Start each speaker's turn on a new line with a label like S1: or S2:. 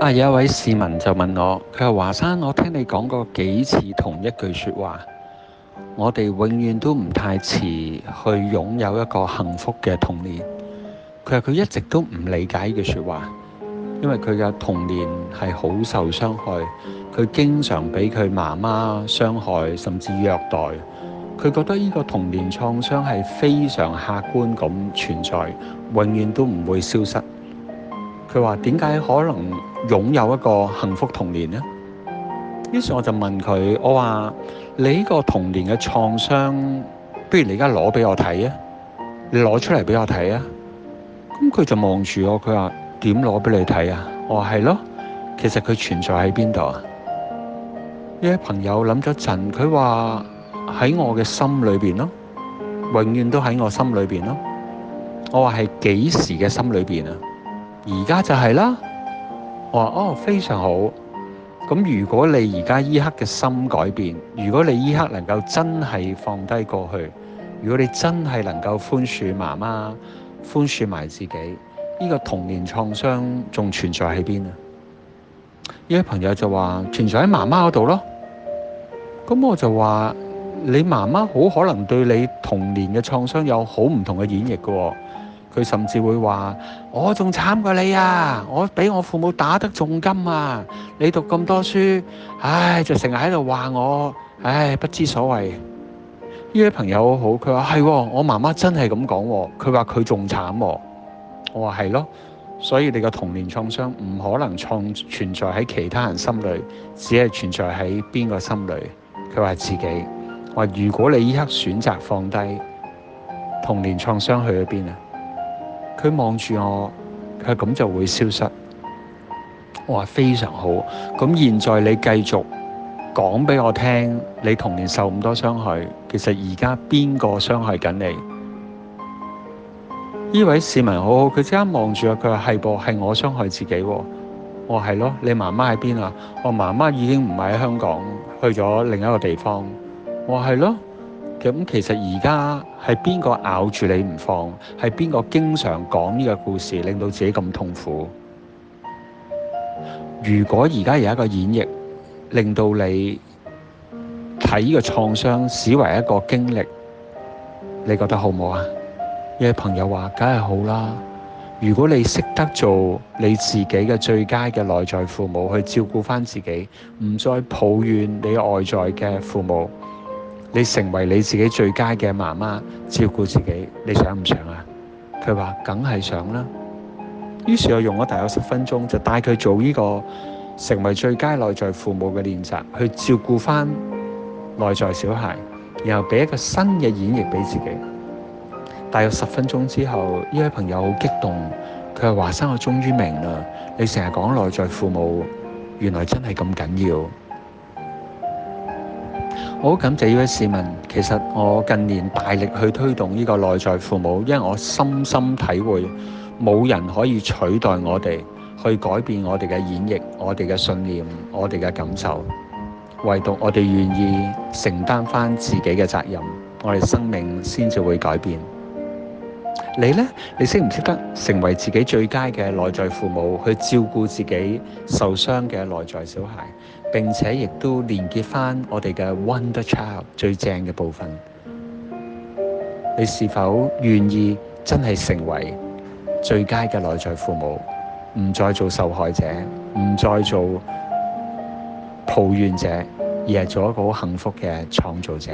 S1: 啊！有一位市民就問我，佢話華山，我聽你講過幾次同一句說話，我哋永遠都唔太遲去擁有一個幸福嘅童年。佢話佢一直都唔理解呢句說話，因為佢嘅童年係好受傷害，佢經常俾佢媽媽傷害甚至虐待，佢覺得呢個童年創傷係非常客觀咁存在，永遠都唔會消失。佢話：點解可能擁有一個幸福童年呢？於是我就問佢：我話你呢個童年嘅創傷，不如你而家攞俾我睇啊！你攞出嚟俾我睇啊！咁佢就望住我，佢話點攞俾你睇啊？我話係咯，其實佢存在喺邊度啊？呢位朋友諗咗陣，佢話喺我嘅心裏邊咯，永遠都喺我心裏邊咯。我話係幾時嘅心裏邊啊？而家就係啦，我話哦，非常好。咁如果你而家依刻嘅心改變，如果你依刻能夠真係放低過去，如果你真係能夠寬恕媽媽、寬恕埋自己，呢個童年創傷仲存在喺邊啊？依位朋友就話存在喺媽媽嗰度咯。咁我就話你媽媽好可能對你童年嘅創傷有好唔同嘅演繹嘅喎。佢甚至會話：我仲慘過你啊！我俾我父母打得重金啊！你讀咁多書，唉，就成日喺度話我唉，不知所謂。呢啲朋友好，佢話係我媽媽真係咁講。佢話佢仲慘。我話係咯，所以你個童年創傷唔可能創存在喺其他人心裏，只係存在喺邊個心裏？佢話自己話。如果你依刻選擇放低童年創傷，去咗邊啊？佢望住我，佢咁就會消失。我話非常好。咁現在你繼續講俾我聽，你童年受咁多傷害，其實而家邊個傷害緊你？呢 位市民好好，佢即刻望住我，佢話係噃，係我傷害自己喎、哦。我話係咯，你媽媽喺邊啊？我媽媽已經唔喺香港，去咗另一個地方。我話係咯。咁其實而家係邊個咬住你唔放？係邊個經常講呢個故事，令到自己咁痛苦？如果而家有一個演繹，令到你睇呢個創傷視為一個經歷，你覺得好唔好啊？有朋友話，梗係好啦！如果你識得做你自己嘅最佳嘅內在父母，去照顧返自己，唔再抱怨你外在嘅父母。你成為你自己最佳嘅媽媽，照顧自己，你想唔想啊？佢話：梗係想啦。於是我用咗大約十分鐘，就帶佢做呢個成為最佳內在父母嘅練習，去照顧返內在小孩，然後俾一個新嘅演繹俾自己。大約十分鐘之後，呢位朋友好激動，佢話：華山，我終於明啦，你成日講內在父母，原來真係咁緊要。好，我感謝呢位市民。其實我近年大力去推動呢個內在父母，因為我深深體會，冇人可以取代我哋去改變我哋嘅演繹、我哋嘅信念、我哋嘅感受。唯獨我哋願意承擔翻自己嘅責任，我哋生命先至會改變。你呢？你識唔識得成為自己最佳嘅內在父母，去照顧自己受傷嘅內在小孩，並且亦都連結翻我哋嘅 Wonder Child 最正嘅部分？你是否願意真係成為最佳嘅內在父母，唔再做受害者，唔再做抱怨者，而係做一個好幸福嘅創造者？